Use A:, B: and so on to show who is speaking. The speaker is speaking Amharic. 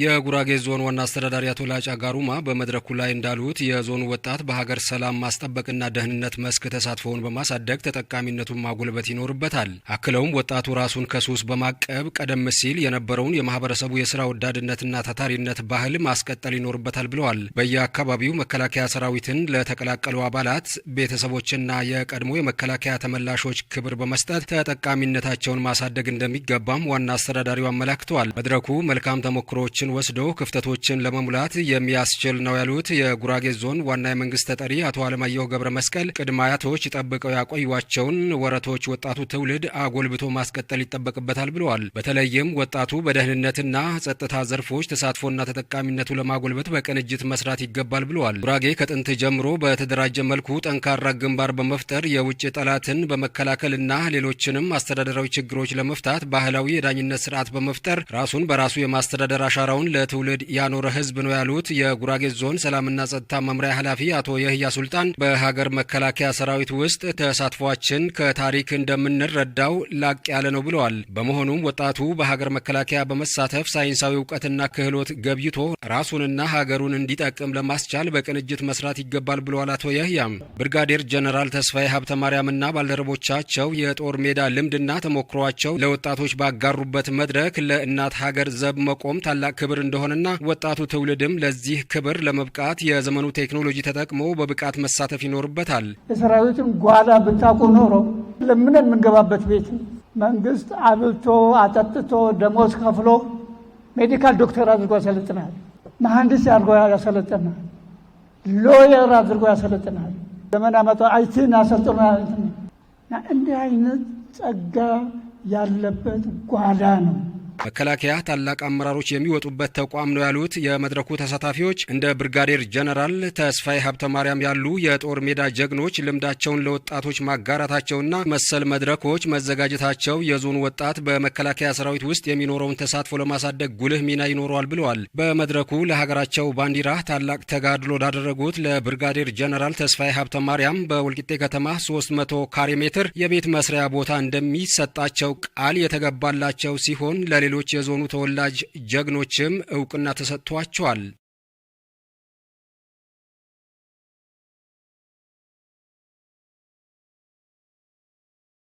A: የጉራጌ ዞን ዋና አስተዳዳሪ አቶ ላጫ ጋሩማ በመድረኩ ላይ እንዳሉት የዞኑ ወጣት በሀገር ሰላም ማስጠበቅና ደህንነት መስክ ተሳትፎውን በማሳደግ ተጠቃሚነቱን ማጎልበት ይኖርበታል። አክለውም ወጣቱ ራሱን ከሱስ በማቀብ ቀደም ሲል የነበረውን የማህበረሰቡ የስራ ወዳድነትና ታታሪነት ባህል ማስቀጠል ይኖርበታል ብለዋል። በየአካባቢው መከላከያ ሰራዊትን ለተቀላቀሉ አባላት ቤተሰቦችና የቀድሞ የመከላከያ ተመላሾች ክብር በመስጠት ተጠቃሚነታቸውን ማሳደግ እንደሚገባም ዋና አስተዳዳሪው አመላክተዋል። መድረኩ መልካም ተሞክሮዎችን እርምጃዎችን ወስዶ ክፍተቶችን ለመሙላት የሚያስችል ነው ያሉት የጉራጌ ዞን ዋና የመንግስት ተጠሪ አቶ አለማየሁ ገብረ መስቀል ቅድመ አያቶች ጠብቀው ያቆዩቸውን ወረቶች ወጣቱ ትውልድ አጎልብቶ ማስቀጠል ይጠበቅበታል ብለዋል። በተለይም ወጣቱ በደህንነትና ጸጥታ ዘርፎች ተሳትፎና ተጠቃሚነቱ ለማጎልበት በቅንጅት መስራት ይገባል ብለዋል። ጉራጌ ከጥንት ጀምሮ በተደራጀ መልኩ ጠንካራ ግንባር በመፍጠር የውጭ ጠላትን በመከላከልና ሌሎችንም አስተዳደራዊ ችግሮች ለመፍታት ባህላዊ የዳኝነት ስርዓት በመፍጠር ራሱን በራሱ የማስተዳደር አሻራው ሀገራውን ለትውልድ ያኖረ ህዝብ ነው ያሉት የጉራጌ ዞን ሰላምና ጸጥታ መምሪያ ኃላፊ አቶ የህያ ሱልጣን በሀገር መከላከያ ሰራዊት ውስጥ ተሳትፏችን ከታሪክ እንደምንረዳው ላቅ ያለ ነው ብለዋል። በመሆኑም ወጣቱ በሀገር መከላከያ በመሳተፍ ሳይንሳዊ እውቀትና ክህሎት ገብይቶ ራሱንና ሀገሩን እንዲጠቅም ለማስቻል በቅንጅት መስራት ይገባል ብለዋል። አቶ የህያም ብርጋዴር ጀነራል ተስፋዬ ሀብተ ማርያምና ባልደረቦቻቸው የጦር ሜዳ ልምድና ተሞክሯቸው ለወጣቶች ባጋሩበት መድረክ ለእናት ሀገር ዘብ መቆም ታላቅ ክብር እንደሆነና ወጣቱ ትውልድም ለዚህ ክብር ለመብቃት የዘመኑ ቴክኖሎጂ ተጠቅሞ በብቃት መሳተፍ ይኖርበታል።
B: የሰራዊትን ጓዳ ብታቁ ኖሮ ለምንን የምንገባበት ቤት መንግስት አብልቶ አጠጥቶ ደሞዝ ከፍሎ ሜዲካል ዶክተር አድርጎ ያሰለጥናል። መሐንዲስ አድርጎ ያሰለጥናል። ሎየር አድርጎ ያሰለጥናል። ዘመን አመቶ አይቲን አሰልጥኖ እንዲህ አይነት ጸጋ ያለበት ጓዳ ነው።
A: መከላከያ ታላቅ አመራሮች የሚወጡበት ተቋም ነው ያሉት የመድረኩ ተሳታፊዎች እንደ ብርጋዴር ጀነራል ተስፋዬ ሀብተ ማርያም ያሉ የጦር ሜዳ ጀግኖች ልምዳቸውን ለወጣቶች ማጋራታቸውና መሰል መድረኮች መዘጋጀታቸው የዞኑ ወጣት በመከላከያ ሰራዊት ውስጥ የሚኖረውን ተሳትፎ ለማሳደግ ጉልህ ሚና ይኖረዋል ብለዋል። በመድረኩ ለሀገራቸው ባንዲራ ታላቅ ተጋድሎ ላደረጉት ለብርጋዴር ጀነራል ተስፋዬ ሀብተ ማርያም በወልቂጤ ከተማ 300 ካሬ ሜትር የቤት መስሪያ ቦታ እንደሚሰጣቸው ቃል የተገባላቸው ሲሆን ለሌሎ ሌሎች የዞኑ ተወላጅ ጀግኖችም እውቅና ተሰጥቷቸዋል።